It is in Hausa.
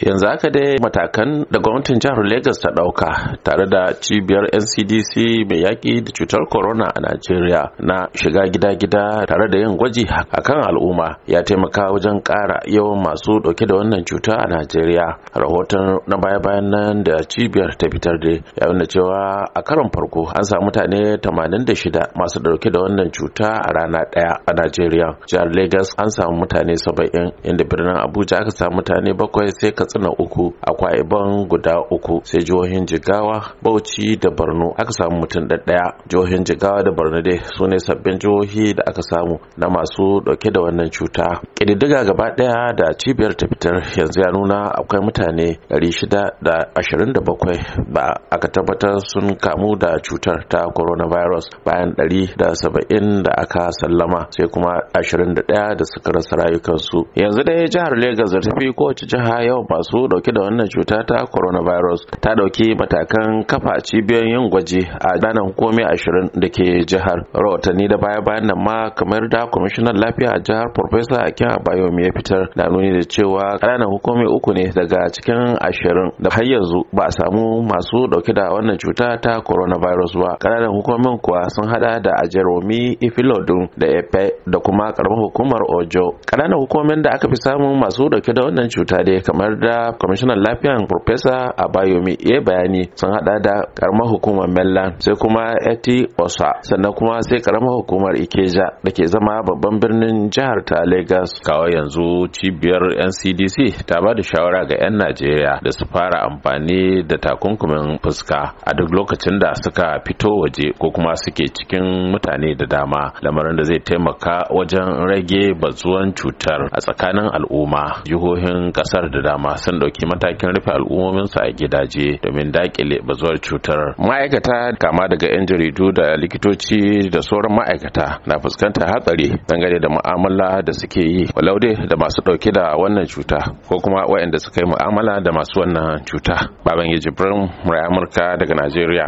yanzu haka dai matakan da gwamnatin jihar Legas ta dauka tare da cibiyar ncdc mai yaki da cutar corona a najeriya na shiga gida-gida tare da yin gwaji a kan al'umma ya taimaka wajen kara yawan masu ɗauke da wannan cuta a najeriya rahoton na baya-bayan nan da cibiyar ta fitar da ya nuna cewa a karon farko an samu mutane 86 masu ɗauke da wannan cuta a rana ɗaya a najeriya jihar Legas an samu mutane 70 inda birnin abuja aka samu mutane bakwai sai ka katsina uku akwa ibon guda uku sai jihohin jigawa bauchi da borno aka samu mutum ɗaya jihohin jigawa da borno dai su ne sabbin jihohi da aka samu na masu ɗauke da wannan cuta ƙididdiga gaba ɗaya da cibiyar ta fitar yanzu ya nuna akwai mutane 627 ba aka tabbatar sun kamu da cutar ta coronavirus bayan 170 da aka sallama sai kuma 21 da suka rasa rayukansu yanzu dai jihar Legas da tafi kowace jiha yau ba. masu dauke da wannan cuta ta coronavirus ta dauki matakan kafa cibiyoyin yin gwaji a danan komai ashirin da ke jihar rahotanni da baya bayan nan ma kamar da kwamishinan lafiya a jihar farfesa akin abayomi ya fitar da nuni da cewa kananan hukumi uku ne daga cikin ashirin da har yanzu ba a samu masu dauke da wannan cuta ta coronavirus ba kananan hukumin kuwa sun hada da ajeromi ifilodun da efe da kuma karamar hukumar ojo kananan hukumin da aka fi samun masu dauke da wannan cuta dai kamar da kwamishinan lafiya profesa abayomi ya bayani sun hada da karamar hukumar mellan sai kuma eti osa sannan kuma sai karamar hukumar ikeja da ke zama babban birnin jihar ta lagos kawai yanzu cibiyar ncdc ta ba da shawara ga 'yan najeriya da su fara amfani da takunkumin fuska a duk lokacin da suka fito waje ko kuma suke cikin mutane da dama lamarin da zai taimaka wajen rage bazuwan cutar a tsakanin al'umma jihohin kasar da dama dama sun ɗauki matakin rufe al'ummominsu a gidaje domin dakile bazuwar cutar ma'aikata kama daga 'yan jaridu da likitoci da sauran ma'aikata na fuskantar hatsari dangane da mu'amala da suke yi walau dai da masu ɗauke da wannan cuta ko kuma waɗanda suka yi mu'amala da masu wannan cuta baban yajibirin murai amurka daga najeriya